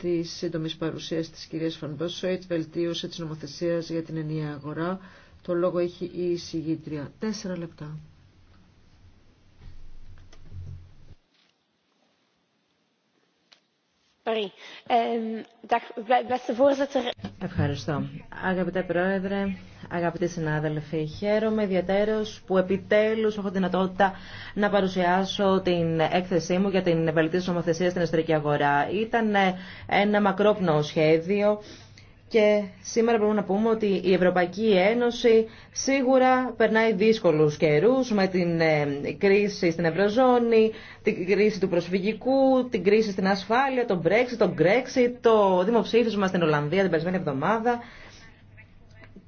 τη σύντομη παρουσία τη κυρία Φανμπόσοιτ, βελτίωσε τη νομοθεσία για την ενιαία αγορά. Το λόγο έχει η εισηγήτρια. Τέσσερα λεπτά. Ehm, Ευχαριστώ. Αγαπητέ Πρόεδρε, αγαπητοί συνάδελφοι, χαίρομαι ιδιαίτερως που επιτέλους έχω δυνατότητα να παρουσιάσω την έκθεσή μου για την βελτίωση νομοθεσία στην εσωτερική αγορά. Ήταν ένα μακρόπνοο σχέδιο και σήμερα μπορούμε να πούμε ότι η Ευρωπαϊκή Ένωση σίγουρα περνάει δύσκολους καιρούς με την ε, κρίση στην Ευρωζώνη, την κρίση του προσφυγικού, την κρίση στην ασφάλεια, τον Brexit, τον Grexit, το δημοψήφισμα στην Ολλανδία την περσμένη εβδομάδα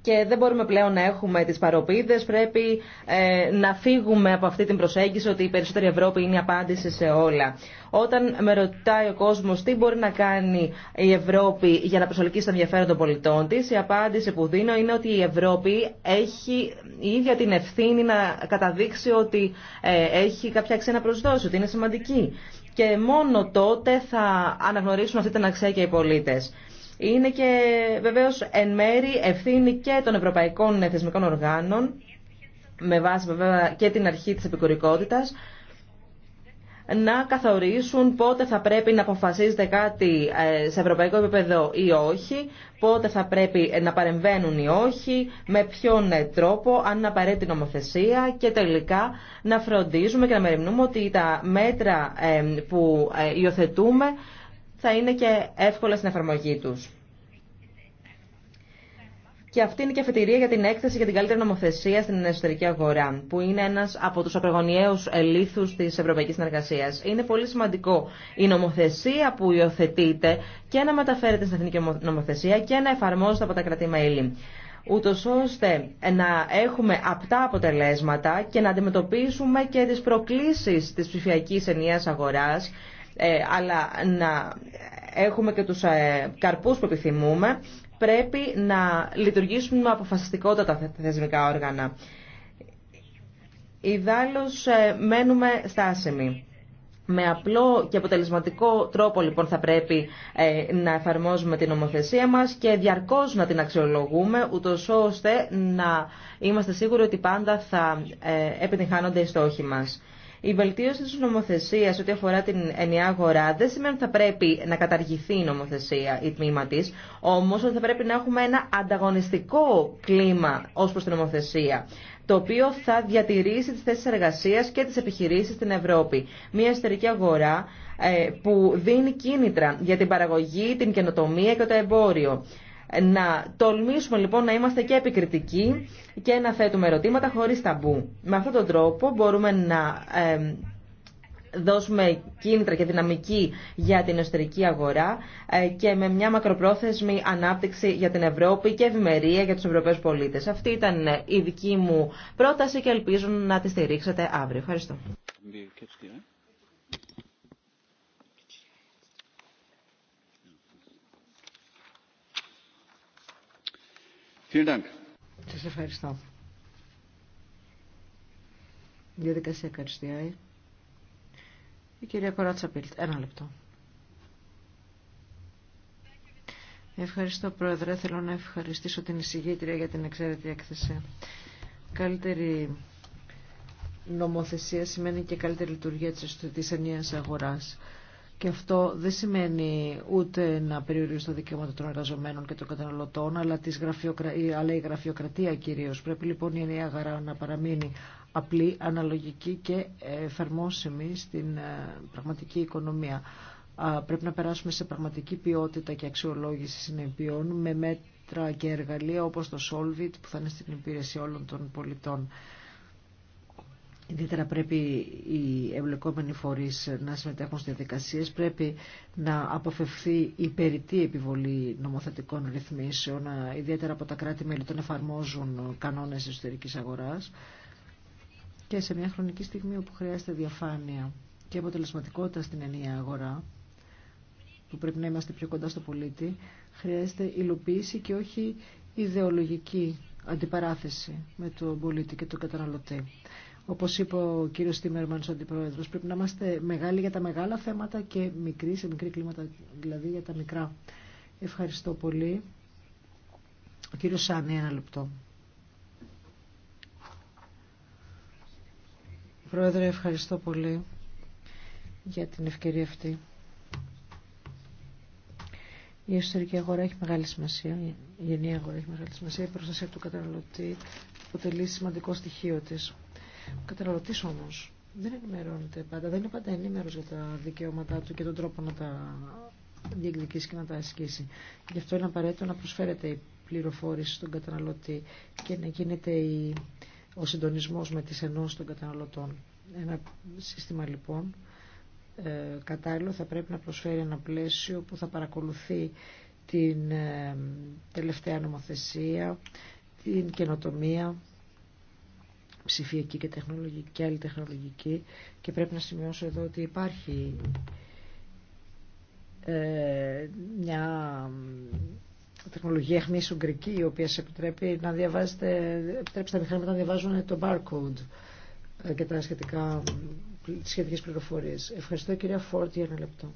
και δεν μπορούμε πλέον να έχουμε τις παροπίδες. Πρέπει ε, να φύγουμε από αυτή την προσέγγιση ότι η περισσότερη Ευρώπη είναι η απάντηση σε όλα. Όταν με ρωτάει ο κόσμος τι μπορεί να κάνει η Ευρώπη για να προσελκύσει τα ενδιαφέρον των πολιτών της, η απάντηση που δίνω είναι ότι η Ευρώπη έχει η ίδια την ευθύνη να καταδείξει ότι ε, έχει κάποια ξένα προσδόση, ότι είναι σημαντική. Και μόνο τότε θα αναγνωρίσουν αυτή την αξία και οι πολίτες είναι και βεβαίως εν μέρη ευθύνη και των ευρωπαϊκών θεσμικών οργάνων με βάση βέβαια και την αρχή της επικουρικότητα, να καθορίσουν πότε θα πρέπει να αποφασίζεται κάτι ε, σε ευρωπαϊκό επίπεδο ή όχι, πότε θα πρέπει να παρεμβαίνουν ή όχι, με ποιον ε, τρόπο, αν απαραίτητη νομοθεσία και τελικά να φροντίζουμε και να μεριμνούμε ότι τα μέτρα ε, που υιοθετούμε θα είναι και εύκολα στην εφαρμογή τους. Και αυτή είναι και αφετηρία για την έκθεση για την καλύτερη νομοθεσία στην εσωτερική αγορά, που είναι ένα από του ακρογωνιαίου λήθου τη ευρωπαϊκή συνεργασία. Είναι πολύ σημαντικό η νομοθεσία που υιοθετείται και να μεταφέρεται στην εθνική νομοθεσία και να εφαρμόζεται από τα κρατή-μέλη. Ούτω ώστε να έχουμε απτά αποτελέσματα και να αντιμετωπίσουμε και τι προκλήσει τη ψηφιακή ενιαία αγορά ε, αλλά να έχουμε και τους ε, καρπούς που επιθυμούμε, πρέπει να λειτουργήσουν με αποφασιστικότητα τα θεσμικά όργανα. Ιδάλλως ε, μένουμε στάσιμοι. Με απλό και αποτελεσματικό τρόπο λοιπόν θα πρέπει να εφαρμόζουμε την νομοθεσία μας και διαρκώς να την αξιολογούμε ούτως ώστε να είμαστε σίγουροι ότι πάντα θα επιτυγχάνονται οι στόχοι μας. Η βελτίωση της νομοθεσίας ό,τι αφορά την ενιαία αγορά δεν σημαίνει ότι θα πρέπει να καταργηθεί η νομοθεσία, η τμήμα της, όμως ότι θα πρέπει να έχουμε ένα ανταγωνιστικό κλίμα ως προς την νομοθεσία το οποίο θα διατηρήσει τις θέσεις εργασίας και τις επιχειρήσεις στην Ευρώπη. Μια εσωτερική αγορά ε, που δίνει κίνητρα για την παραγωγή, την καινοτομία και το εμπόριο. Να τολμήσουμε λοιπόν να είμαστε και επικριτικοί και να θέτουμε ερωτήματα χωρίς ταμπού. Με αυτόν τον τρόπο μπορούμε να δώσουμε κίνητρα και δυναμική για την εσωτερική αγορά ε, και με μια μακροπρόθεσμη ανάπτυξη για την Ευρώπη και ευημερία για τους Ευρωπαίους πολίτες. Αυτή ήταν ε, η δική μου πρόταση και ελπίζω να τη στηρίξετε αύριο. Ευχαριστώ. Σα ευχαριστώ. Διαδικασία Καριστιάη. Η κυρία Κοράτσα Πίλτ. Ένα λεπτό. Ευχαριστώ Πρόεδρε. Θέλω να ευχαριστήσω την εισηγήτρια για την εξαίρετη έκθεση. Καλύτερη νομοθεσία σημαίνει και καλύτερη λειτουργία της ενιαίας αγοράς. Και αυτό δεν σημαίνει ούτε να περιορίζει τα δικαιώματα των εργαζομένων και των καταναλωτών, αλλά, της γραφειοκρα... η γραφειοκρατία κυρίως. Πρέπει λοιπόν η ενιαία αγορά να παραμείνει απλή, αναλογική και εφαρμόσιμη στην ε, πραγματική οικονομία. Πρέπει να περάσουμε σε πραγματική ποιότητα και αξιολόγηση συνεπιών με μέτρα και εργαλεία όπως το Solvit που θα είναι στην υπηρεσία όλων των πολιτών. Ιδιαίτερα πρέπει οι εμπλεκόμενοι φορείς να συμμετέχουν στις διαδικασίες, πρέπει να αποφευθεί η περιττή επιβολή νομοθετικών ρυθμίσεων, ιδιαίτερα από τα κράτη-μέλη των εφαρμόζουν κανόνες εσωτερικής αγοράς και σε μια χρονική στιγμή όπου χρειάζεται διαφάνεια και αποτελεσματικότητα στην ενιαία αγορά, που πρέπει να είμαστε πιο κοντά στο πολίτη, χρειάζεται υλοποίηση και όχι ιδεολογική αντιπαράθεση με τον πολίτη και τον καταναλωτή. Όπως είπε ο κύριος Τίμερμανς, ο αντιπρόεδρος, πρέπει να είμαστε μεγάλοι για τα μεγάλα θέματα και μικροί σε μικρή κλίματα, δηλαδή για τα μικρά. Ευχαριστώ πολύ. Ο κύριος Σάνι, ένα λεπτό. Πρόεδρε, ευχαριστώ πολύ για την ευκαιρία αυτή. Η εσωτερική αγορά έχει μεγάλη σημασία, η γενική αγορά έχει μεγάλη σημασία, η προστασία του καταναλωτή αποτελεί σημαντικό στοιχείο της. Ο καταναλωτή όμω. δεν ενημερώνεται πάντα, δεν είναι πάντα ενήμερο για τα δικαιώματά του και τον τρόπο να τα διεκδικήσει και να τα ασκήσει. Γι' αυτό είναι απαραίτητο να προσφέρεται η πληροφόρηση στον καταναλωτή και να γίνεται η, ο συντονισμός με τις ενώσεις των καταναλωτών. Ένα σύστημα λοιπόν ε, κατάλληλο θα πρέπει να προσφέρει ένα πλαίσιο που θα παρακολουθεί την ε, τελευταία νομοθεσία, την καινοτομία ψηφιακή και, τεχνολογική, και άλλη τεχνολογική και πρέπει να σημειώσω εδώ ότι υπάρχει ε, μια τεχνολογία αιχμής ουγγρική η οποία σε επιτρέπει να διαβάζετε, επιτρέπει στα μηχανήματα να διαβάζουν το barcode ε, και τα σχετικά, σχετικές πληροφορίες. Ευχαριστώ κυρία Φόρτ για ένα λεπτό.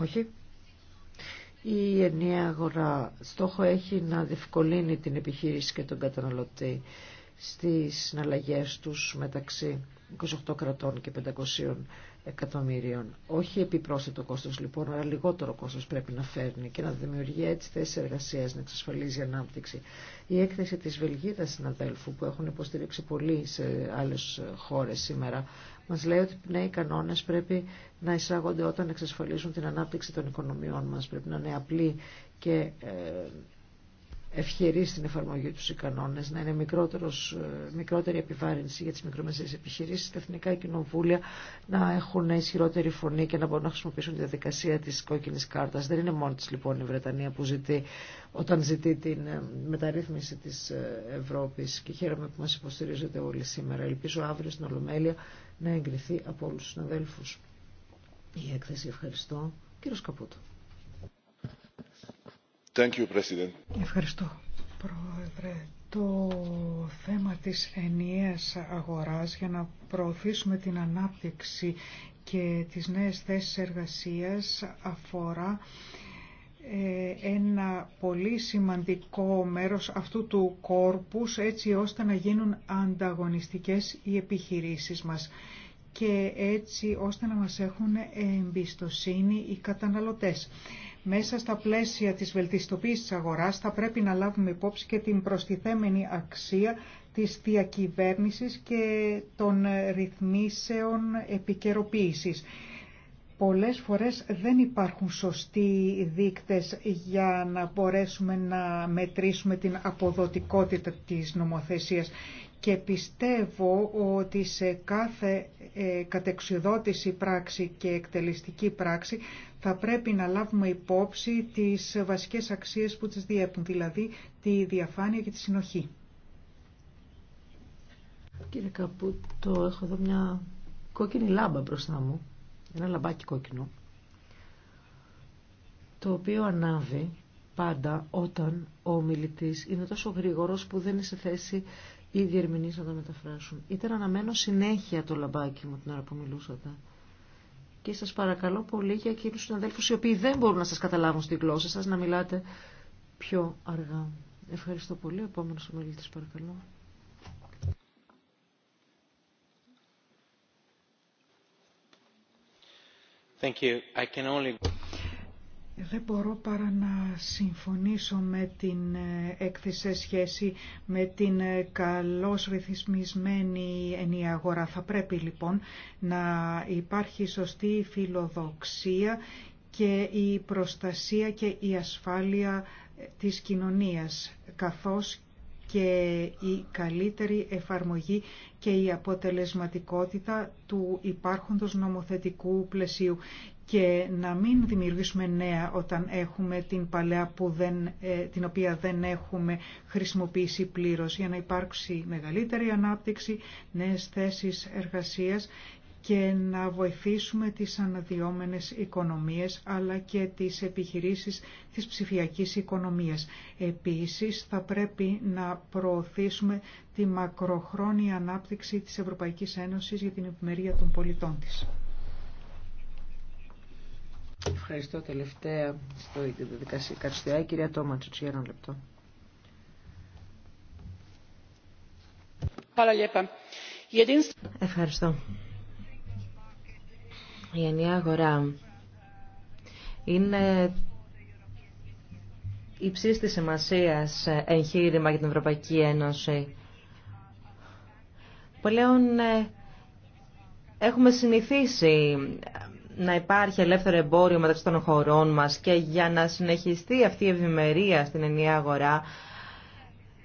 Όχι. Η ενιαία αγορά στόχο έχει να διευκολύνει την επιχείρηση και τον καταναλωτή στις συναλλαγές τους μεταξύ 28 κρατών και 500 εκατομμύριων. Όχι επιπρόσθετο κόστος λοιπόν, αλλά λιγότερο κόστος πρέπει να φέρνει και να δημιουργεί έτσι θέσεις εργασίας, να εξασφαλίζει ανάπτυξη. Η έκθεση της Βελγίδας συναδέλφου που έχουν υποστηρίξει πολλοί σε άλλες χώρες σήμερα μας λέει ότι οι νέοι κανόνες πρέπει να εισάγονται όταν εξασφαλίζουν την ανάπτυξη των οικονομιών μας. Πρέπει να είναι απλοί και ε, ευχερεί στην εφαρμογή τους οι κανόνες, να είναι ε, μικρότερη επιβάρυνση για τις μικρομεσαίες επιχειρήσεις, τα εθνικά κοινοβούλια να έχουν ισχυρότερη φωνή και να μπορούν να χρησιμοποιήσουν τη διαδικασία της κόκκινης κάρτας. Δεν είναι μόνη της λοιπόν η Βρετανία που ζητεί όταν ζητεί την ε, μεταρρύθμιση της Ευρώπης και χαίρομαι που μας υποστηρίζετε όλοι σήμερα. Ελπίζω αύριο στην Ολομέλεια να εγκριθεί από όλους τους συναδέλφους. Η έκθεση ευχαριστώ. Κύριος Καπούτο. you, Ευχαριστώ, Πρόεδρε. Το θέμα της ενιαίας αγοράς για να προωθήσουμε την ανάπτυξη και τις νέες θέσεις εργασίας αφορά ε, ένα πολύ σημαντικό μέρος αυτού του κόρπους έτσι ώστε να γίνουν ανταγωνιστικές οι επιχειρήσεις μας και έτσι ώστε να μας έχουν εμπιστοσύνη οι καταναλωτές. Μέσα στα πλαίσια της βελτιστοποίησης της αγοράς θα πρέπει να λάβουμε υπόψη και την προστιθέμενη αξία της διακυβέρνησης και των ρυθμίσεων επικαιροποίησης. Πολλές φορές δεν υπάρχουν σωστοί δείκτες για να μπορέσουμε να μετρήσουμε την αποδοτικότητα της νομοθεσίας και πιστεύω ότι σε κάθε ε, κατεξιδότηση πράξη και εκτελεστική πράξη θα πρέπει να λάβουμε υπόψη τις βασικές αξίες που τις διέπουν, δηλαδή τη διαφάνεια και τη συνοχή. Κύριε Καπούτο, έχω εδώ μια κόκκινη λάμπα μπροστά μου ένα λαμπάκι κόκκινο, το οποίο ανάβει πάντα όταν ο ομιλητής είναι τόσο γρήγορος που δεν είναι σε θέση οι διερμηνείς να το μεταφράσουν. Ήταν αναμένο συνέχεια το λαμπάκι μου την ώρα που μιλούσατε. Και σας παρακαλώ πολύ για εκείνους συναδέλφους οι οποίοι δεν μπορούν να σας καταλάβουν στη γλώσσα σας να μιλάτε πιο αργά. Ευχαριστώ πολύ. Επόμενος ομιλητής παρακαλώ. Δεν μπορώ παρά να συμφωνήσω με την ε, έκθεση σε σχέση με την ε, καλώς ρυθμισμένη ενιαγορά. Θα πρέπει λοιπόν να υπάρχει σωστή φιλοδοξία και η προστασία και η ασφάλεια ε, της κοινωνίας, καθώς και η καλύτερη εφαρμογή και η αποτελεσματικότητα του υπάρχοντος νομοθετικού πλαισίου και να μην δημιουργήσουμε νέα όταν έχουμε την παλαιά που δεν, ε, την οποία δεν έχουμε χρησιμοποιήσει πλήρως για να υπάρξει μεγαλύτερη ανάπτυξη, νέες θέσεις εργασίας και να βοηθήσουμε τις αναδυόμενες οικονομίες αλλά και τις επιχειρήσεις της ψηφιακής οικονομίας. Επίσης θα πρέπει να προωθήσουμε τη μακροχρόνια ανάπτυξη της Ευρωπαϊκής Ένωσης για την ευημερία των πολιτών της. Ευχαριστώ τελευταία στο δικασία Καριστιά. Κυρία Τόμα λεπτό. Ευχαριστώ. Η ενιαία αγορά είναι υψή της σημασία εγχείρημα για την Ευρωπαϊκή Ένωση. Πλέον ε, έχουμε συνηθίσει να υπάρχει ελεύθερο εμπόριο μεταξύ των χωρών μας και για να συνεχιστεί αυτή η ευημερία στην ενιαία αγορά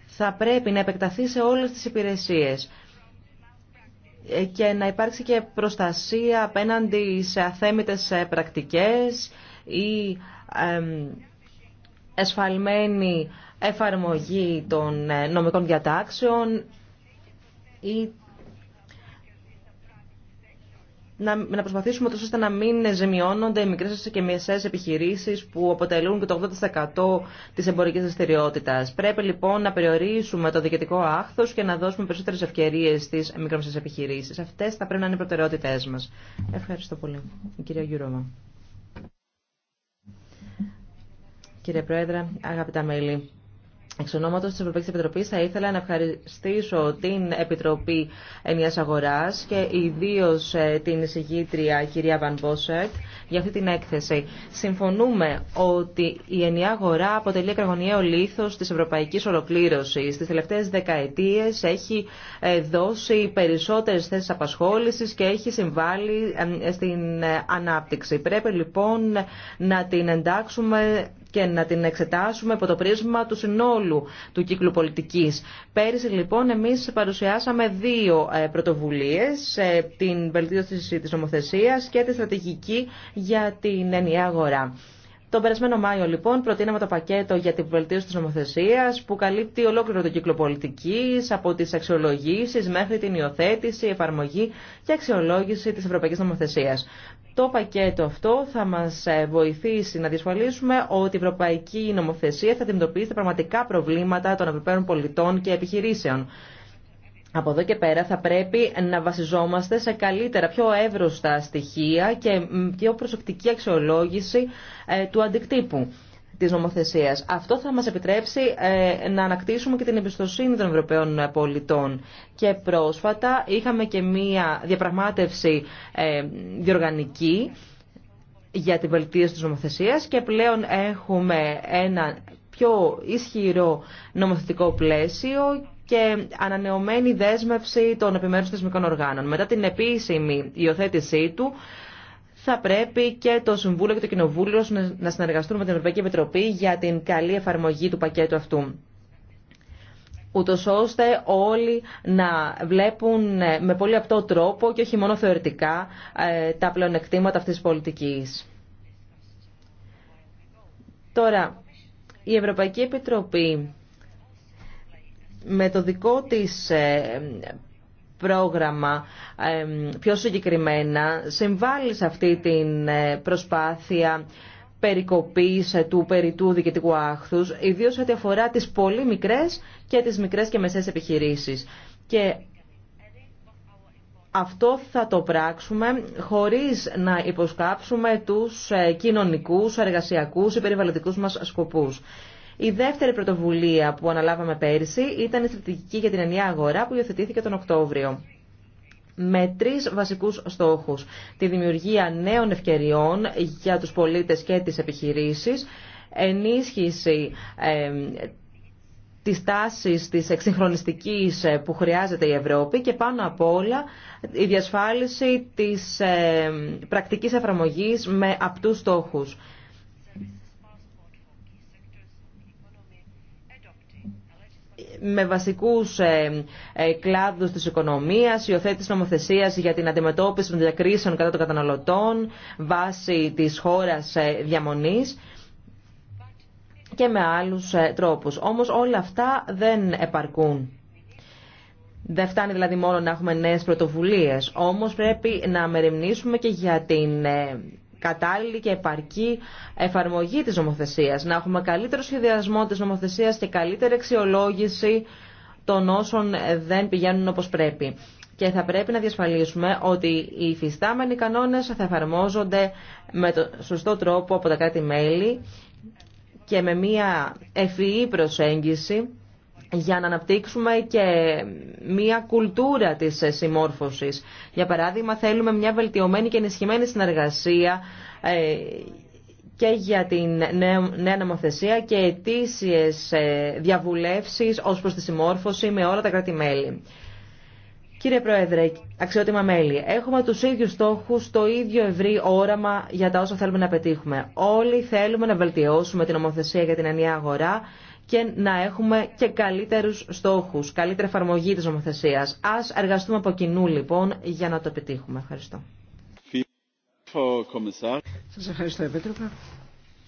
θα πρέπει να επεκταθεί σε όλες τις υπηρεσίες και να υπάρξει και προστασία απέναντι σε αθέμητες ε, πρακτικές ή εσφαλμένη εφαρμογή των ε, νομικών διατάξεων ή να, να προσπαθήσουμε τόσο ώστε να μην ζημιώνονται οι μικρές και μεσαίε επιχειρήσεις που αποτελούν και το 80% της εμπορικής δραστηριότητα. Πρέπει λοιπόν να περιορίσουμε το διοικητικό άχθος και να δώσουμε περισσότερες ευκαιρίες στις μικρομεσαίε επιχειρήσεις. Αυτές θα πρέπει να είναι οι προτεραιότητές μας. Ευχαριστώ πολύ. κύριε κυρία Κύριε Πρόεδρε, αγαπητά μέλη, Εξ ονόματο τη Ευρωπαϊκή Επιτροπή, θα ήθελα να ευχαριστήσω την Επιτροπή Ενία Αγορά και ιδίω ε, την εισηγήτρια κυρία Βαν Μπόσερτ για αυτή την έκθεση. Συμφωνούμε ότι η ενιαία αγορά αποτελεί ακραγωνιαίο λίθο τη ευρωπαϊκή ολοκλήρωση. Στι τελευταίε δεκαετίε έχει ε, δώσει περισσότερε θέσει απασχόληση και έχει συμβάλει ε, στην ανάπτυξη. Πρέπει λοιπόν να την εντάξουμε και να την εξετάσουμε από το πρίσμα του συνόλου του κύκλου πολιτικής. Πέρυσι λοιπόν εμείς παρουσιάσαμε δύο ε, πρωτοβουλίες, ε, την βελτίωση της νομοθεσίας και τη στρατηγική για την ενιαία αγορά. Τον περασμένο Μάιο, λοιπόν, προτείναμε το πακέτο για την βελτίωση τη νομοθεσία που καλύπτει ολόκληρο το κύκλο πολιτική, από τι αξιολογήσει μέχρι την υιοθέτηση, εφαρμογή και αξιολόγηση τη Ευρωπαϊκή Νομοθεσία το πακέτο αυτό θα μας ε, βοηθήσει να διασφαλίσουμε ότι η ευρωπαϊκή νομοθεσία θα αντιμετωπίσει τα πραγματικά προβλήματα των ευρωπαίων πολιτών και επιχειρήσεων. Από εδώ και πέρα θα πρέπει να βασιζόμαστε σε καλύτερα, πιο εύρωστα στοιχεία και πιο προσεκτική αξιολόγηση ε, του αντικτύπου. Αυτό θα μα επιτρέψει ε, να ανακτήσουμε και την εμπιστοσύνη των Ευρωπαίων πολιτών. Και πρόσφατα είχαμε και μία διαπραγμάτευση ε, διοργανική για την βελτίωση της νομοθεσίας και πλέον έχουμε ένα πιο ισχυρό νομοθετικό πλαίσιο και ανανεωμένη δέσμευση των επιμέρους θεσμικών οργάνων. Μετά την επίσημη υιοθέτησή του, θα πρέπει και το Συμβούλιο και το Κοινοβούλιο να συνεργαστούν με την Ευρωπαϊκή Επιτροπή για την καλή εφαρμογή του πακέτου αυτού ούτω ώστε όλοι να βλέπουν ε, με πολύ απτό τρόπο και όχι μόνο θεωρητικά ε, τα πλεονεκτήματα αυτής της πολιτικής. Τώρα, η Ευρωπαϊκή Επιτροπή με το δικό της ε, πρόγραμμα πιο συγκεκριμένα συμβάλλει σε αυτή την ε, προσπάθεια περικοπής ε, του περιτού διοικητικού άχθους, ιδίως ό,τι αφορά τις πολύ μικρές και τις μικρές και μεσές επιχειρήσεις. Και αυτό θα το πράξουμε χωρίς να υποσκάψουμε τους ε, κοινωνικούς, εργασιακούς ή περιβαλλοντικούς μας σκοπούς. Η δεύτερη πρωτοβουλία που αναλάβαμε πέρυσι ήταν η στρατηγική για την ενιαία αγορά που υιοθετήθηκε τον Οκτώβριο με τρεις βασικούς στόχους. Τη δημιουργία νέων ευκαιριών για τους πολίτες και τις επιχειρήσεις, ενίσχυση της τις της εξυγχρονιστικής ε, που χρειάζεται η Ευρώπη και πάνω απ' όλα η διασφάλιση της ε, πρακτικής εφαρμογής με απτούς στόχους. με βασικούς ε, ε, κλάδους της οικονομίας, υιοθέτηση νομοθεσίας για την αντιμετώπιση των διακρίσεων κατά των καταναλωτών, βάση της χώρας ε, διαμονής και με άλλους τρόπους. Όμως όλα αυτά δεν επαρκούν. Δεν φτάνει δηλαδή μόνο να έχουμε νέες πρωτοβουλίες, όμως πρέπει να μεριμνήσουμε και για την κατάλληλη και επαρκή εφαρμογή της νομοθεσίας, να έχουμε καλύτερο σχεδιασμό της νομοθεσίας και καλύτερη αξιολόγηση των όσων δεν πηγαίνουν όπως πρέπει. Και θα πρέπει να διασφαλίσουμε ότι οι υφιστάμενοι κανόνες θα εφαρμόζονται με τον σωστό τρόπο από τα κράτη-μέλη και με μια ευφυή προσέγγιση για να αναπτύξουμε και μία κουλτούρα της συμμόρφωσης. Για παράδειγμα, θέλουμε μια βελτιωμένη και ενισχυμένη συνεργασία ε, και για την νέα νομοθεσία και ετήσιες ε, διαβουλεύσεις ως προς τη συμμόρφωση με όλα τα κράτη-μέλη. Κύριε Πρόεδρε, αξιότιμα μέλη, έχουμε τους ίδιους στόχους, το ίδιο ευρύ όραμα για τα όσα θέλουμε να πετύχουμε. Όλοι θέλουμε να βελτιώσουμε την νομοθεσία για την ενιαία αγορά και να έχουμε και καλύτερους στόχους, καλύτερη εφαρμογή της νομοθεσίας. Ας εργαστούμε από κοινού λοιπόν για να το πετύχουμε. Ευχαριστώ. Σας ευχαριστώ Επίτροπα.